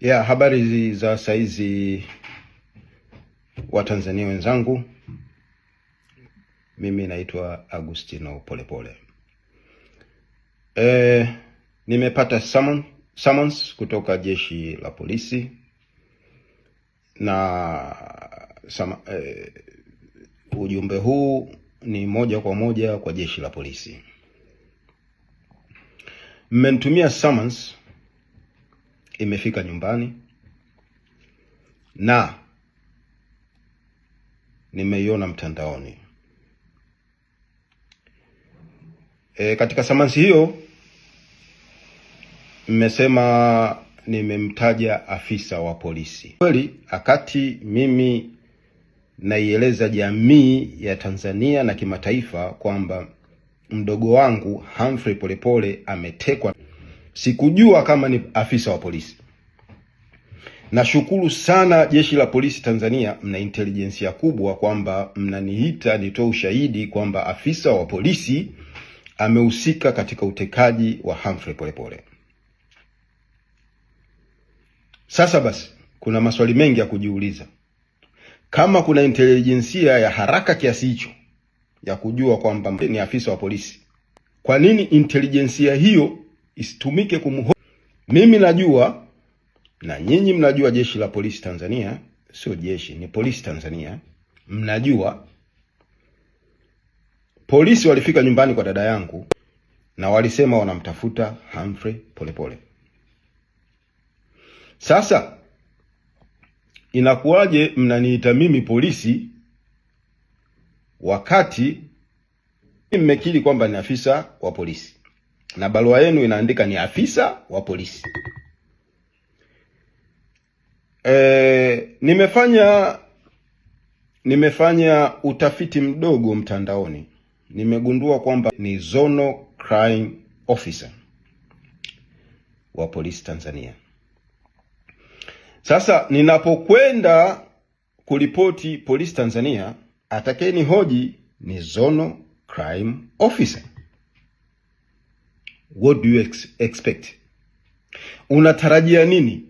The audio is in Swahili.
Ya habari za saizi wa Tanzania wenzangu, mimi naitwa Agustino Polepole. E, nimepata summon, summons kutoka jeshi la polisi na sama, e, ujumbe huu ni moja kwa moja kwa jeshi la polisi. Mmenitumia summons imefika nyumbani na nimeiona mtandaoni. E, katika samansi hiyo mmesema nimemtaja afisa wa polisi. Kweli akati mimi naieleza jamii ya Tanzania na kimataifa kwamba mdogo wangu Humphrey Polepole ametekwa Sikujua kama ni afisa wa polisi. Nashukuru sana jeshi la polisi Tanzania, mna intelijensia kubwa kwamba mnaniita nitoe ushahidi kwamba afisa wa polisi amehusika katika utekaji wa Humphrey Polepole. Sasa basi, kuna maswali mengi ya kujiuliza. Kama kuna intelijensia ya haraka kiasi hicho ya kujua kwamba ni afisa wa polisi, kwa nini intelijensia hiyo isitumike kumho. Mimi najua na nyinyi mnajua, jeshi la polisi Tanzania sio jeshi, ni polisi Tanzania. Mnajua polisi walifika nyumbani kwa dada yangu na walisema wanamtafuta Humphrey Polepole. Sasa inakuwaje mnaniita mimi polisi wakati mmekiri kwamba ni afisa wa polisi? na barua yenu inaandika ni afisa wa polisi. E, nimefanya nimefanya utafiti mdogo mtandaoni, nimegundua kwamba ni Zonal Crime Officer wa polisi Tanzania. Sasa ninapokwenda kulipoti polisi Tanzania, atakayenihoji ni Zonal Crime Officer. What do you ex expect? Unatarajia nini?